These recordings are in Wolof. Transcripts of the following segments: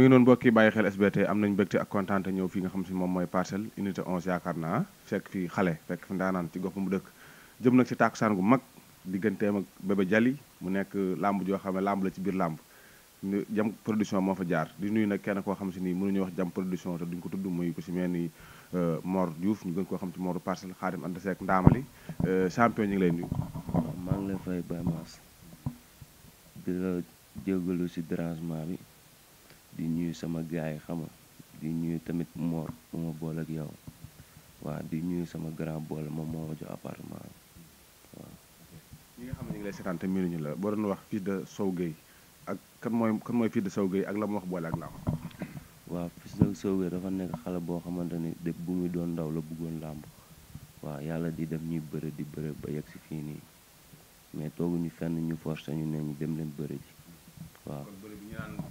mi ngi noonu mbokk bàyyi xel SBT am nañ mbégte ak kontaan te ñëw fii nga xam si moom mooy parcelle unité 11 yaakaar naa fekk fii xale fekk fi ndaanaan ci gox bu mu dëkk jëm nag si taakusaan gu mag digganteem ak bébé Jali mu nekk làmb joo xam ne làmb la ci biir làmb jam production moo fa jaar di nuyu nag kenn koo xam si nii mënuñu wax jam production te duñ ko tudd muy ku si mel ni euh, Mor Diouf ñu gën koo xam si Mor parcelle xaadim ànd seek ndaamali euh, champion ñu ngi lay nuyu. maa ngi lay fay Baye Mass si dérangement bi. di ñuy sama gaay yi xam di ñuy tamit moor bu ma bool ak yow waaw di ñuy sama grand boole moom moo ma jox appartement nga xam ne ñu ngi lay seetaan te miinuñu la boo doon wax fils de Sow ak kan mooy kan mooy de Sow ak la mu wax boole ak làmb. waaw fils de Sow dafa nekk xale boo xamante ni dëpp bu muy doon ndaw la buggoon làmb waaw yàlla di def ñuy bëre di bëre ba yegg si fii nii mais ñu fenn ñu forcé ñu ne ñu dem leen bëre ji waaw.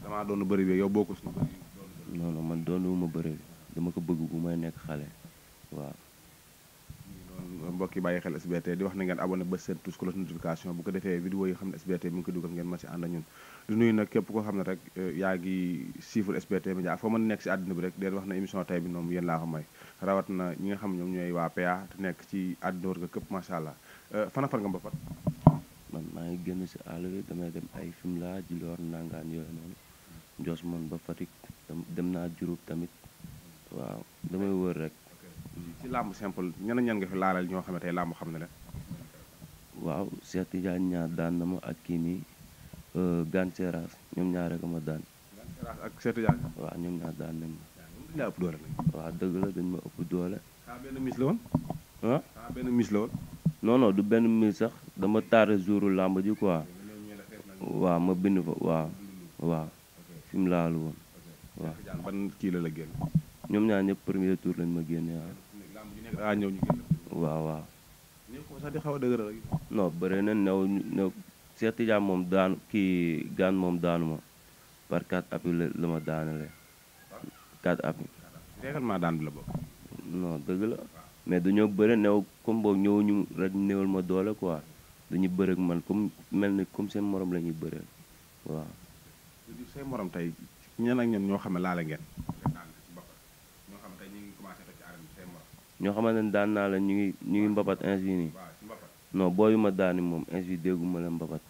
damaa doon bëri bi yow bokkul si bëri non non man doon ma bëri dama ko bëgg bu may nekk xale waaw mbokk yi bàyyi xel SBT di wax na ngeen abonné ba seen tous cloche notification bu ko defee vidéo yi xam ne SBT mi ngi ko dugal ngeen mën si ànd ñun di nuyu nag képp koo xam ne rek eh, yaa ngi siiful ma Média foo mën nekk si àddina bi rek deen wax na émission tey bi noonu yéen laa ko may rawat na ñi nga xam ñoom ñooy waa PA te nekk ci àddina wër nga képp macha allah eh, fan fan nga mbapat man maa ngi génn si àll bi damay dem ay Fimela Djilor nangaan yooyu noonu Ndios man ba Fatick dem naa Diouroup tamit waaw damay wër rek. ci làmb simple ñan ñan nga fi laalal ñoo xam ne tey làmb xam na leen. waaw Cheikh Tidiane ñaar daan na ma ak kii nii euh, Gane Seras ñoom ñaar rek ma daan. Gane waaw ñoom ñaar daan nañ ma. dëgg la dañ ma ëpp doole. saa benn la woon. ah saa benn mis la woon. non non du benn mbir sax dama taara jouru làmb ji quoi waaw ma bind fa waaw waaw fi laalu woon waaw. kii la la génn. ñoom ñaar ñëpp premier tour lañ ma génne waaw. Ah, waaw waaw. non bëri na new new Cheikh Tidiane moom daanu kii gaan moom daanu ma par quatre appuis la la ma daanalee quatre appuis. dégg la dëgg la. mais dañoo bëre new comme boobu ñu rek néewal ma doole quoi dañu bëre man comme mel ni comme seen moroom la ñuy bëre waaw. say tey ñan ak ñoo xam ne laale ngeen. ñoo xam ne tey daan naa la ñu ngi ñu ngi mbapat insi nii. non booyu ma daani moom insi dégguma la mbapat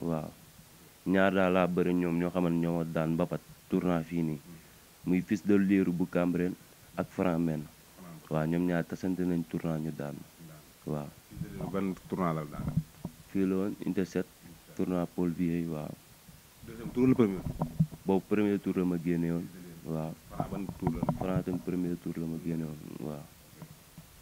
waaw ñaar daal laa bëre ñoom ñoo xamante ñoo ma daan mbapat tournant fii nii muy fils de liiru bu Cambérène ak Franc Menn waaw ñoom ñaar tasante nañ tournoi ñu daan waaw. ban tournoi la daan. fii la woon interset tournoi Paul Vieux waaw. deuxième boobu premier tour la ma génne woon waaw. Franc ban tour la. Franc tam premier tour la ma génne woon waaw.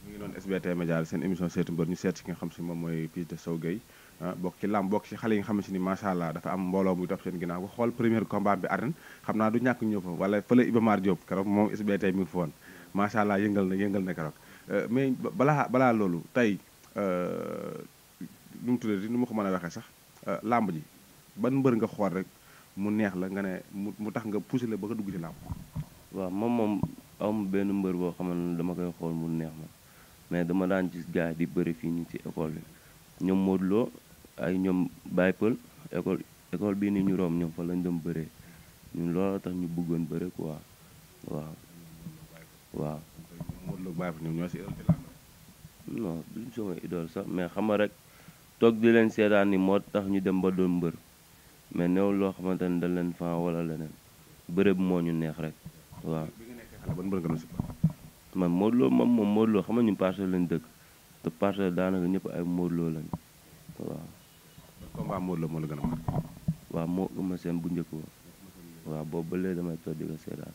ñu ngi doon SBT Média seen émission seetu mbër ñu seet si ki nga xam si moom mooy Fils de Sow Gueye ah, bokk ci làmb bokk ci xale yi nga xam si ni macha allah dafa am mbooloo buy topp seen ginnaaw ko xool premier combat bi arène xam naa du ñàkk ñëw fa wala fële Iba Mar Diop keroog moom SBT mi ngi macha allah yëngal na yëngal na keroog euh, mais balaa balaa loolu tey euh, nu mu tuddati nu ma ko mën a waxee sax euh, làmb ji ban mbër nga xool rek mu neex la nga ne mu tax nga poussé la ba nga dugg ci làmb. waaw moom moom am benn mbër boo xam dama koy xool mu neex ma mais dama daan gis gars di bëri fii nii ci école bi ñoom Modou Lo ay ñoom bay pël école école bii nii ñu room ñoom fa lañ dem bëree ñu looloo tax ñu bëggoon bëre quoi waaw. waaw. Modou Lo Baye Fall ñoom ñoo si sax mais xam nga rek toog di leen seetaan ni moo tax ñu dem ba doon mbër mais néewul loo xamante ni dañ leen fan wala leneen bërëb moo ñu neex rek waaw. ban mbër man Modou Lo moom moom Modou Lo xam nga ñu lañ dëkk te parcelle daanaka ñëpp ay Modou Lo lañ waaw. combat Modou moo la gën a moo ëmb seen bu njëkk ba waaw boobu damay toog di ko seetaan.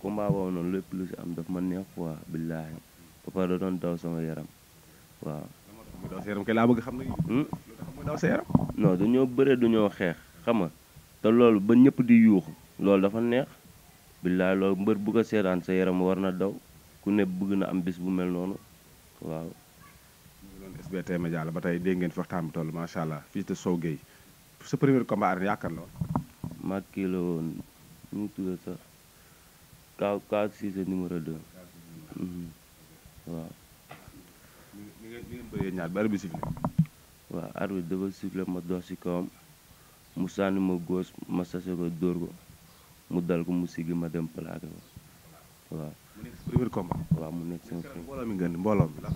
combat boobu noonu lépp lu si am daf ma neex quoi billaahi ba pare da doon daw sama yaram waaw. kay laa bëgg xam nga. Hmm? lu tax muy daw sa xeex xam nga te loolu ba ñëpp di yuuxu loolu dafa neex billaahi loolu mbër bugg a seetaan sa yaram war na daw ku ne bëgg na am bis bu mel noonu waaw. SBT Média la ba tey dégg ngeen fi waxtaan bi toll macha allah fils de Sow Gueye sa premier combat arène yaakaar la woon. woon ñu tuddee sax. Ka Ka Cissé numéro 2. Mhm. waaw. ni ngeen ni ngeen bëree ñaar ba arbitre dafa sifflé ma dox si kawam mu sànni ma góos ma sase ko dóor ko mu dal ko mu siggi ma dem plaqué ko waaw. mu nekk seen mbooloo mi la.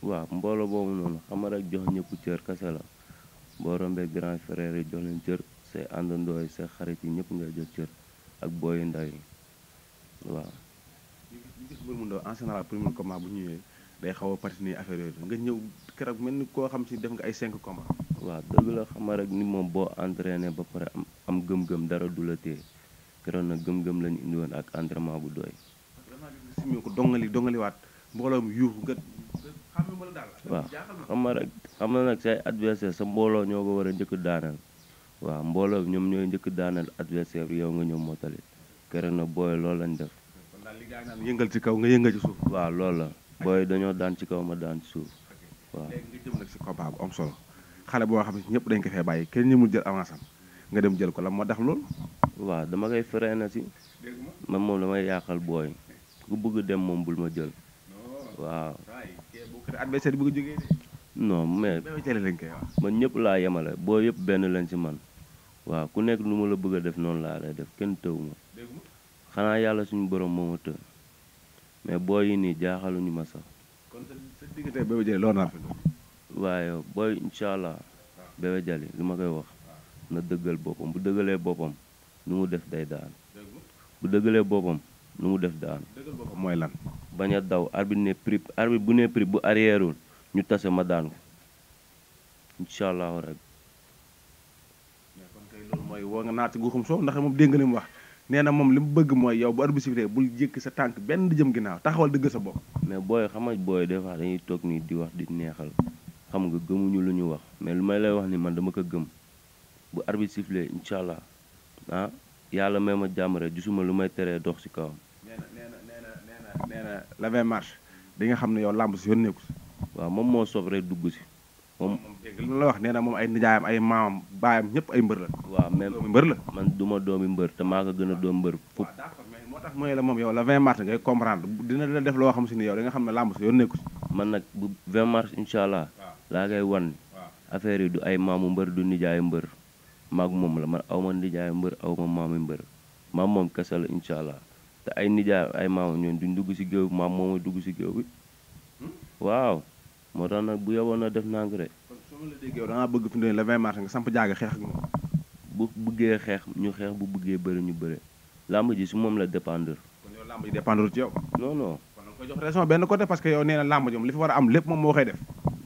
waaw mbooloo boobu noonu xama rek jox ñëpp cër kese la boo rombee grand frère yi jox leen cër say àndandoo yi say xarit yi ñëpp ngay jox cër ak booyu yi waaw. ñu gis Mbër mu premier combat bu ñëwee day xaw a patiner affaire yooyu nga ñëw keroog mel ni koo xam si def nga ay cinq combat. waa dëgg la xama rek ni moom boo entraîné ba pare am am gëm-gëm dara du la téye keroog nag gëm-gëm lañu indiwoon ak entraînement bu doy. simee ko dongali dongaliwaat mbooloo mi yuuxu nga waaw xam nga rek xam na nag say adversaire sa mbooloo ñoo ko war a njëkk daanal waaw mbooloo bi ñoom ñooy njëkk daanal adversaire yow nga ñëw mottali kere na booy loolu lañ def. yëngal ci kaw nga yëngal ci suuf. waaw loolu la booy dañoo daan ci kaw ma daan ci suuf waaw. si combat bu xale boo xam ne ñëpp dañ ko fee bàyyi kenn ñi mu jël avance nga dem jël ko lan moo tax loolu. waaw dama koy freiné si. man moom damay yàqal booy ku dem moom bul ma jël. waaw. adversaire bi nga jógee non mais man ñëpp laa yemale boo yëpp benn lañ ci man waaw ku nekk nu ma la bëgg a def noonu laa lay def kenn tëw ma xanaa yàlla suñu borom moo ma të mais booy yi nii jaaxaluñu ma sax. kon sa diggante waaye booy incha allah ah. Bébé ma koy wax ah. na dëggal boppam bu dëggalee boppam nu mu def day daan bu dëggalee boppam nu mu def daan. dëggal lan. bañ a daw arbitre ne prip bu ne bu arrièreul ñu tase ma daan ko incha allahu mooy woo nga naati guxum soo ndax moom nee na moom li mu bëgg mooy yow bu arbitre bul jékki sa tànk benn jëm ginnaaw taxawal dëgg sa bopp. mais booy xam nga booy des fois dañuy toog nii di wax di neexal xam nga gëmuñu lu ñu wax mais lu may lay wax ni man dama ko gëm bu arbitre sifflé allah ah yàlla may ma jàmm rek gisuma lu may teree dox si kawam. nee na nee na nee na nee nga xam ne yow làmb si yónneeku si. waaw moom moo soob rek dugg si. moom lu la wax nee na moom ay nijaayam ay maamam baayam ñëpp ay mbër la. waaw même mbër la. man du ma doomi mbër te maa ko gën a doom mooy la moom yow la 20 mars ngay comprendre dina dina def loo xam ni yow da nga xam ne làmb nag bu 20 incha allah. laa ngay wan. affaire yi du ay maamu mbër du nijaayu mbër. maag moom la man aw ma nijaayu mbër aw ma maamu mbër maam moom kese la incha allah te ay nijaay ay maamu ñoom duñ dugg si géew maam moomu dugg si géew bi hmm? waaw. moo tax nag bu yowoon na def naa ko de. kon su la déggee da bëgg fi mu le 20 mars nga samp jaaga xeex ak moom. bu bëggee xeex ñu xeex bu buggee bari ñu bëri làmb ji si moom la dépendre. kon yow làmb ji dépendre jox raison benn côté parce que yow nee làmb ji moom li fi war a am lépp moom moo koy def.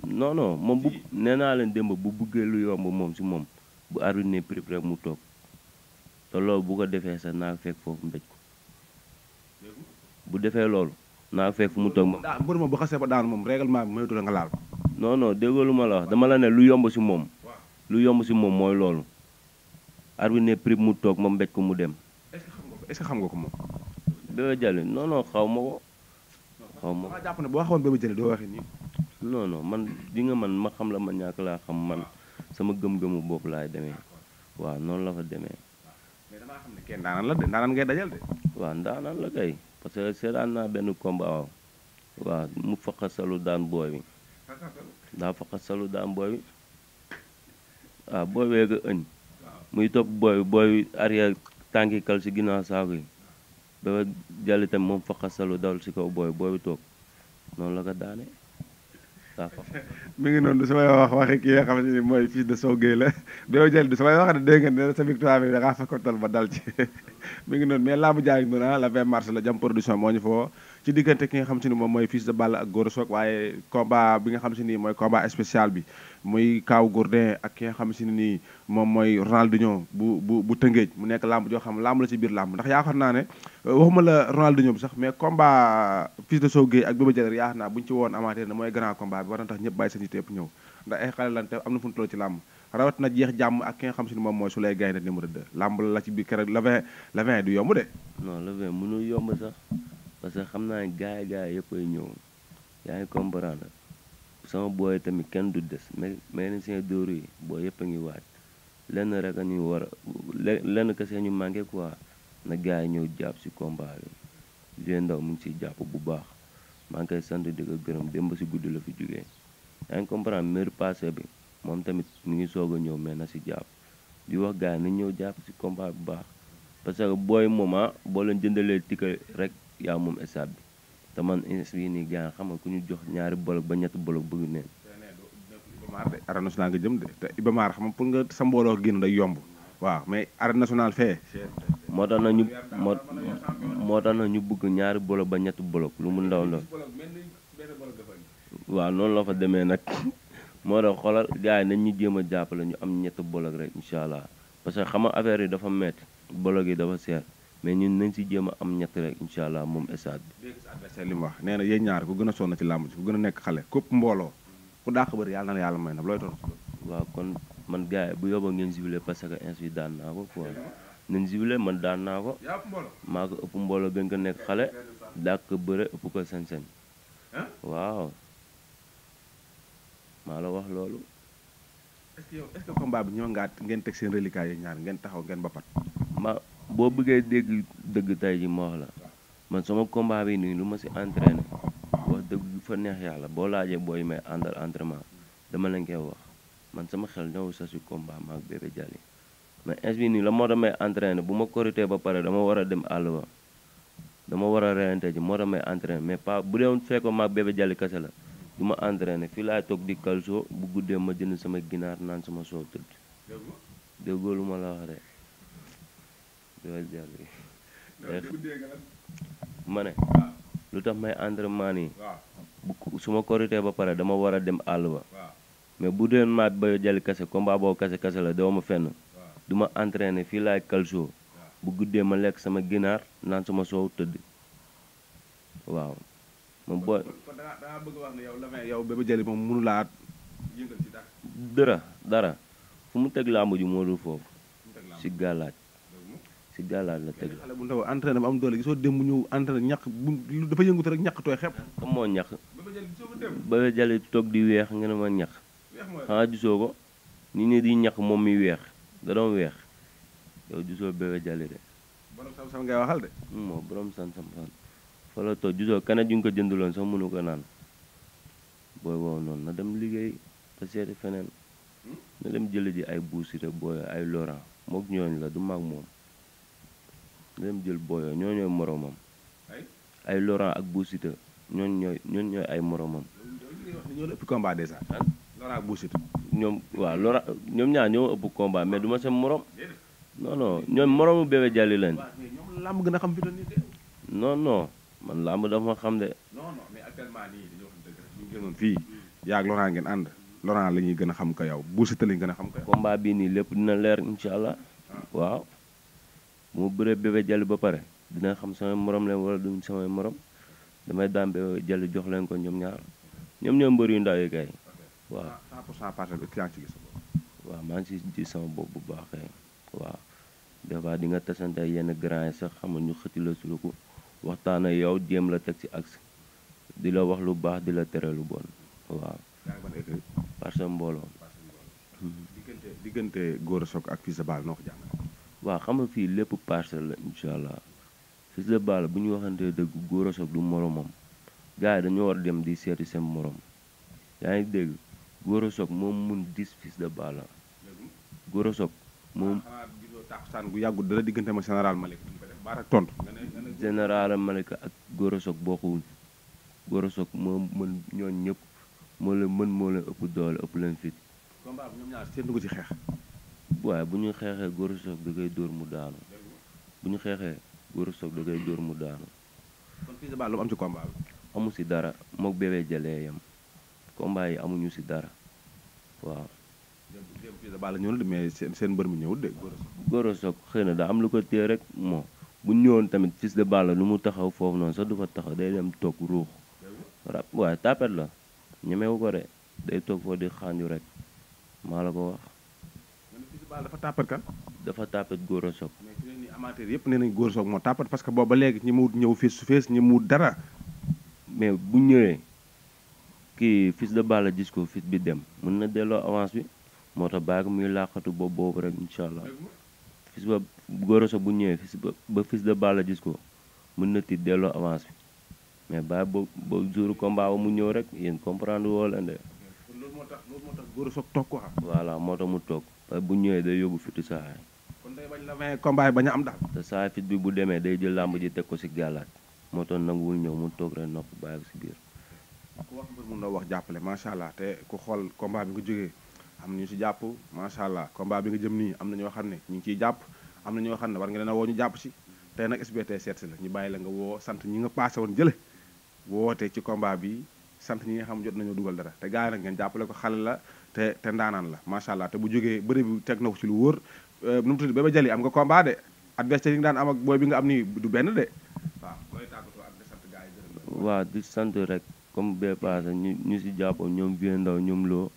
non moom bu nee naa leen démb bu bëggee lu yomb moom si moom bu arruiné prix rek mu toog te loolu bu ko defee sax naa fekk foofu mbéj ko bu defee loolu. naa fekk fu mu toog ma daa ma bu xasee ba daanu moom règlement bi moytu la nga laal. non ma la wax dama la ne lu yomb si moom. lu yomb si moom mooy loolu. arbitre ne prix mu toog moom mbéj ko mu dem. est-ce xam nga ko moom. Bébé Diallo xaw ma ko. xaw ma ko boo xamoon Bébé Diallo doo nii. non man di nga man ma xam la ma ñàkk laa xam man sama gëm-gëmu bopp laay demee waaw noonu la fa demee. mais damaa xam ngay dajal de. la kay. parce que seetaan naa benn combat waaw mu faqasalu daan booy bi daa faqasalu daan booy bi waaw ah, booy bee ko ëñ muy topp booy bi booy bi arrière tànki kal si ginnaaw saako yi dafa jàll itam moom faqasalu dal si kaw booy booy bi toog noonu la ko daane d'accord mi ngi noonu du samay wax waxi ki nga xamante ni mooy fils de Sow Gueye la boo jël du samay wax de dégg nga ne sa victoire bi da ngaa fakkotal ba dal ci mi ngi noonu mais laamu jaay noonu ah le 20 mars la jam production moo ñu foo ci diggante ki nga xam xamante ni moom mooy fils de Balla ak Gora Sock waaye combat bi nga xam xamante ni mooy combat spécial bi muy Kaaw Gourdin ak ki nga xam si ne nii moom mooy Ronaldinho bu bu bu Tëngéej mu nekk làmb joo xam làmb la ci biir làmb ndax yaakaar naa ne euh, waxuma la Ronaldinho bi sax mais combat fils de Sow Gueye ak Bébé Diéner yaakaar naa bu ñu ci woon amaatee ne mooy grand combat bi war na tax ñëpp bàyyi seen yitte yëpp ñëw ndax ay xale lan am na fu toll ci làmb rawat na jeex jàmm ak ki nga xam si ne moom mooy su lay gaynde numéro 2 làmb la ci biir keroog le 20 le 20 du yomb de. non le 20 mënul yomb sax parce que xam naa gars yi yëpp ay ñëw yaa ngi comprendre sama booy tamit kenn du des mais mécanicien dóoru yi boo yëpp a ngi waaj lenn rek a ñu war lenn seen ñu manqué quoi na gars yi ñëw jàpp si combat bi Ndao mu ngi jàpp bu baax maa ngi koy sant di ko gërëm démb si guddi la fi jógee yaa ngi comprendre bi moom tamit mu ngi soog a ñëw mais na si jàpp di wax gars yi nañ ñëw jàpp si combat bu baax parce que booy mooma ah, boo leen jëndalee ticket rek yaa moom stade bi te man ins bii nii gars xam nga ku ñu jox ñaari bolok ba ñett bolok bëgg neen Ibamaar de arène nationale nga pour nga sa mbooloo génn day yomb waaw mais arène nationale fee. moo tax na ñu moo moo tax na ñu bëgg ñaari bolok ba ñetti bolok lu mu ndaw ndaw. waaw noonu la fa demee nag moo tax xoolal gars yi nañ ñu jéem a jàppale ñu am ñett bolok rek incha allah parce que xam nga affaire yi dafa métti bolok yi dafa seer. mais ñun nañ si jéem a am ñett rek incha allah moom stade bi. li mu wax nee na yéen ñaar ku gën a sonn ci làmb ji ku gën a nekk xale képp mbooloo ku dàq bëri yàlla yàlla may na looy doon. waaw kon man gars yi bu yóbboo ngeen jubilé parce que insulte daan naa ko quoi nañ man daan naa ko maa ëpp mbooloo gën ko nekk xale dàq bëre ëpp ko seen seen waaw maa la wax loolu. est-ce que bi ñoo ngaat ngeen teg seen reliquat yi ñaar ngeen taxaw ngeen bapat boo bëggee dégg dëgg tey ji ma wax la man sama combat bi nii lu ma si entraîné wax dëgg fa neex yàlla boo laajee booy may àndal entraînement dama leen koy wax man sama xel ñëw sa si combat maag Bébé Dialy mais ins la moo tax may entraîné bu ma korité ba pare dama war a dem àll ba dama war a reyante ji moo tax may entraîné mais pas bu dee fekkoon maag Bébé Dialy kase la du ma entraîné fii laay toog di calcio bu guddee ma jënd sama ginaar naan sama soo tëdd déggoo lu ma la wax rek ma ne ah. lu tax may entraînement nii ah. bu su ma koritee ba pare dama war a dem àll ba ah. mais bu deen maat ba jali kase combat boo kase kase la doo ma fenn duma ma entraîné fii laay calcio bu guddee ma lekk sama ginaar naan sama soow tëdd waaw moom boo mënu laa dara dara fu mu teg làmb ji moo dul foofu si gàllaaj si gàllaal la teg xale bu ndaw entraîné am doole gisoo dem ñu entraîné ñaq bu dafa yëngutu rek ñaq tooy xepp comme moo ñaq ba jale toog di weex nga ne ma ñaq ko ni di ñaq moom mi weex da doon weex yow gisoo bébé jali de borom sam-sam ngay waxal hmm, moo borom sam-sam fan fa toog gisoo kana ju nga ko jënduloon sax mënu ko naan booy wow noonu na dem liggéey te seeti feneen hmm? na dem jële ji ay buusire booy ay Laurent mook ñooñ la du maag moom na jël booyoo ñoo ñooy moroomam ay Laurent ak Boussita ñooñ ñooy ñooñ ay moroomam. ñoo ëpp combat déjà. Laurent ak ñoom waaw Laurent ñoom ñaar ñoo ëpp combat mais du ma seen morom. non non ñoom moroomu Bébé Diallo lañ. ñoom làmb gën a xam fi doon man làmb dafa ma xam de. non non mais actuellement fii. Hmm. yaa ak Laurent ngeen ànd. Laurent la ñuy gën a xam ko yow Boussita lañ gën a xam ko yow. combat bii nii lépp dina leer incha allah ah. waaw. mu bëree bébé jàll ba pare dina xam samay moroom leen wala duñ samay morom damay daan bébé jàll jox leen ko ñoom ñaar ñoom ñoo mbër yu ndaw waa kay waaw. 100% parcelle bi ci gis maa ngi ci sama bopp bu baax kay waaw des fois di nga tasante yenn grand yi sax xam ñu xëti la suluku waxtaan yow jéem la teg ci axe di la wax lu baax di la tere lu bon waaw. parce que mbooloo. ak Fils de noo ko waaw xam nga fii lépp parcelle la incha allah Fils de Balla bu ñu waxantee dëgg Gora Sock du moromam gars yi dañoo war dem di seeti seen morom yaa ngi dégg Gora Sock moom mun dis Fils de Balla Gora moom taakusaan ah, gu yàggul dara diggante ma général Malick baat ak tontu général Malick ak Gora Sock bokkuwul Gora Sock mën ñooñ ñëpp moo la mën moo la ëpp doole ëpp leen fit combat bi ñoom ñaar ci xeex waaye bu ñu xeexee Gora Sock da koy dóor mu daanu bu ñu xeexee Gora Sock da koy dóor mu daanu. kon Fils de Balla lu am ci combat bi. amu si dara moog bébé jëlee yam combat yi amuñu si dara waaw. jërëjëf de Balla ñëw na seen seen mbër mi ñëwul de Gora Sock. xëy na daa am lu ko téye rek moo bu ñëwoon tamit Fils de Balla lu mu taxaw foofu noonu sax du fa taxaw day dem toog ruux rab waaye tapet la ñemewu ko de day toog foofu di xaanju rek maa la ko wax. Baal dafa tàppat kan. dafa tàppat góor a soog. yëpp nee nañ góor moo tàppat parce que boobu ba léegi ñi mu ñëw face to face ñi mu dara. mais bu ñëwee kii fils de Balla gis ko fils bi dem mën na delloo avance bi moo tax baaga muy làqatu boobu boobu rek incha allah fils ba góor a soog bu ñëwee fils ba ba fils de Balla gis ko mën na ti delloo avance bi mais baa ba ba jour combat ba mu ñëw rek yéen comprendre woo leen de. loolu toog ko xam. voilà moo tax mu toog. parce euh, bu ñëwee day yóbbu fiti saaxaay kon day bañ la may combat bañ am daal te saa fit bi bu demee day jël làmb ji teg ko si gàllaat moo tax nanguwul ñëw mu toog rek nopp bàyyi ko si na wax jàppale macha allah te ku xool combat nga jógee am na si jàpp macha allah combat bi nga jëm nii am na ñoo xam ne ñu ngi ciy jàpp am na ñoo xam ne war nga leen woo ñu jàpp si te nag SBT seet si la ñu bàyyi la nga woo sant ñi nga paase woon jële woote ci combat bi sant ñi nga xam jot nañoo dugal dara te gars yi nag ngeen jàppale ko xale la te te ndaanaan la macha allah te bu jógee bari bi teg na ko ci lu wóor euh, nu ba ba jëli am nga combat de adversaire yi daan am ak booy bi nga am nii du benn de waa looy di sant rek comme bee passé ñu ñu si jàppoon ñoom Vieux ñoom Lo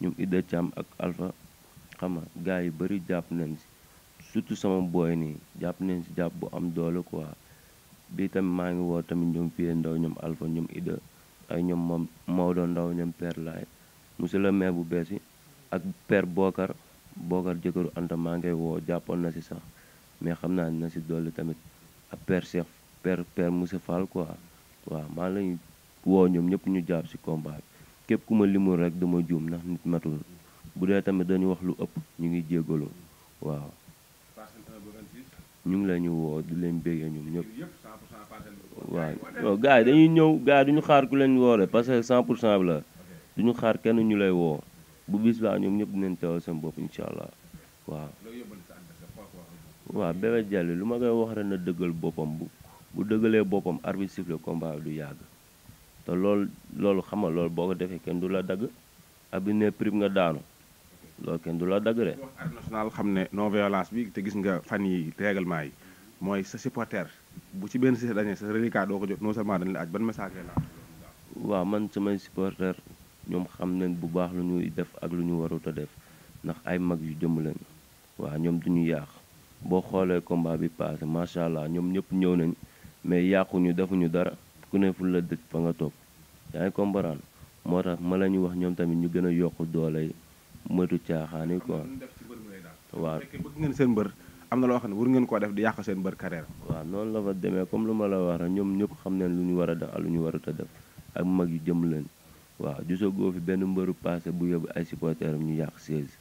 ñoom Ida Thiam ak alfa xama nga gars yi bëri jàpp nañ si surtout sama booy nii jàpp nañ si jàpp bu am doole quoi bii tamit maa ngi woo tamit ñoom Vieux Ndaw ñoom Alpha ñoom Ida ay ñoom moom Maodo Ndaw ñoom Père monsieur le maire bu bees yi ak per Bokar Bokar jëkkëru Anta maa ngay woo jàppoon na si sax mais xam naa na si dolli tamit ak per Cheikh père père Moussa Fall quoi waaw maa lañu woo ñoom ñëpp ñu jàpp si combat képp ku ma limul rek dama juum ndax nit matul bu dee tamit dañu wax lu ëpp ñu ngi jégalu waaw. ñu ngi la ñu woo di leen béggee ñoom ñëpp waaw gars yi dañuy ñëw gars yi duñu xaar ku leen woore parce que 100 pour cent bi la. duñu xaar kenn ñu lay woo bu bis baa ñoom ñëpp dinañ teewal seen bopp incha allah waa waaw Bébé Diallo lu ma koy wax rek na dëggal boppam bu bu dëggalee boppam arbitre siffle combat du yàgg te lool loolu xam nga loolu boo ko defee kenn du la dagg abi ne prime nga daanu loolu kenn du la dagg rek. national xam ne non violence bi te gis nga fan yi règlement yi mooy sa supporter bu ci benn si dañee sa reliquat doo ko jot non seulement dañ la aj ban message laa waaw man samay supporter ñoom xam nañ bu baax lu ñuy def ak lu ñu warut a def ndax ay mag yu jëm lañ waaw ñoom du duñu yàq boo xoolee combat bi passé macha allah ñoom ñëpp ñëw nañ mais yàquñu defuñu dara ku ne la dëj fa nga toog yaa ngi moo tax ma la ñu wax ñoom tamit ñu gën a yokk doole yi moytu caaxaan yi quoi. waaw bëgg ngeen mbër am na loo xam ne war ngeen koo def di seen mbër carrière waaw noonu la fa comme lu ma la wax ñoom ñëpp xam nañ lu ñu war a def ak lu ñu warut a def ak mag yu jëm leen waaw gisagoo fi benn mbëru passé bu yóbbu ay supporteurs am ñu yàq siège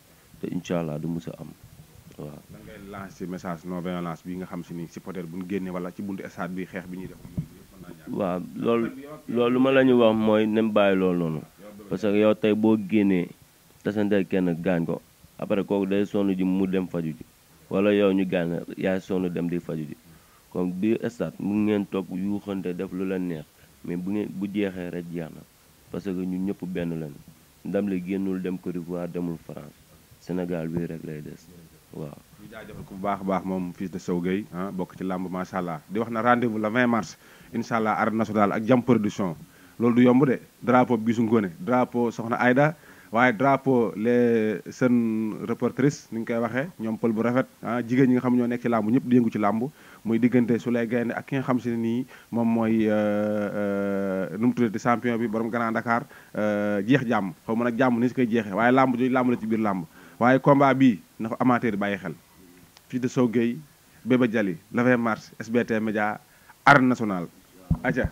incha allah du mus a am waaw. da ngay lancer message non nga xam si ni supporter bu ñu génne wala ci buntu stade bi xeex bi ñuy def. waaw loolu loolu ma la ñu wax mooy nem bàyyi loolu noonu que yow tey boo génnee tasanteel kenn gaañ ko après kooku day sonn ji mu dem faju ji wala yow ñu gaañ yaay sonn dem di faju ji comme biir stade mu ngeen toog yuuxante def lu la neex mais bu ngeen bu jeexee rek jeex na. parce que ñu ñëpp benn lañu ndam li génnul dem Côte d'Ivoire demul France Sénégal bii rek lay des waaw. ñu jaajëfal ko bu baax a baax moom fils de Sow Gueye ah bokk ci làmb macha allah di wax na rendez-vous le mars incha allah arène nationale ak jam production loolu du yomb de drapeau bi su ngóone drapeau soxna ayda waaye drapeau les seen reportrices ni ñu koy waxee ñoom pël bu rafet ah jigéen ñi nga xam ñoo nekk ci làmb ñëpp di yëngu ci làmb muy diggante su lay gaynde ak ki nga xam si ne nii moom mooy euh, euh, nu mu tuddati champion bi borom Grand Dakar euh, jeex jàmm xaw ma nag jàmm ni si koy jeexee waaye làmb jooju làmb la ci biir làmb waaye combat bii na ko amateur bàyyi xel fii de Sow Gueye Bébé Jali le 20 mars SBT Média arène nationale aja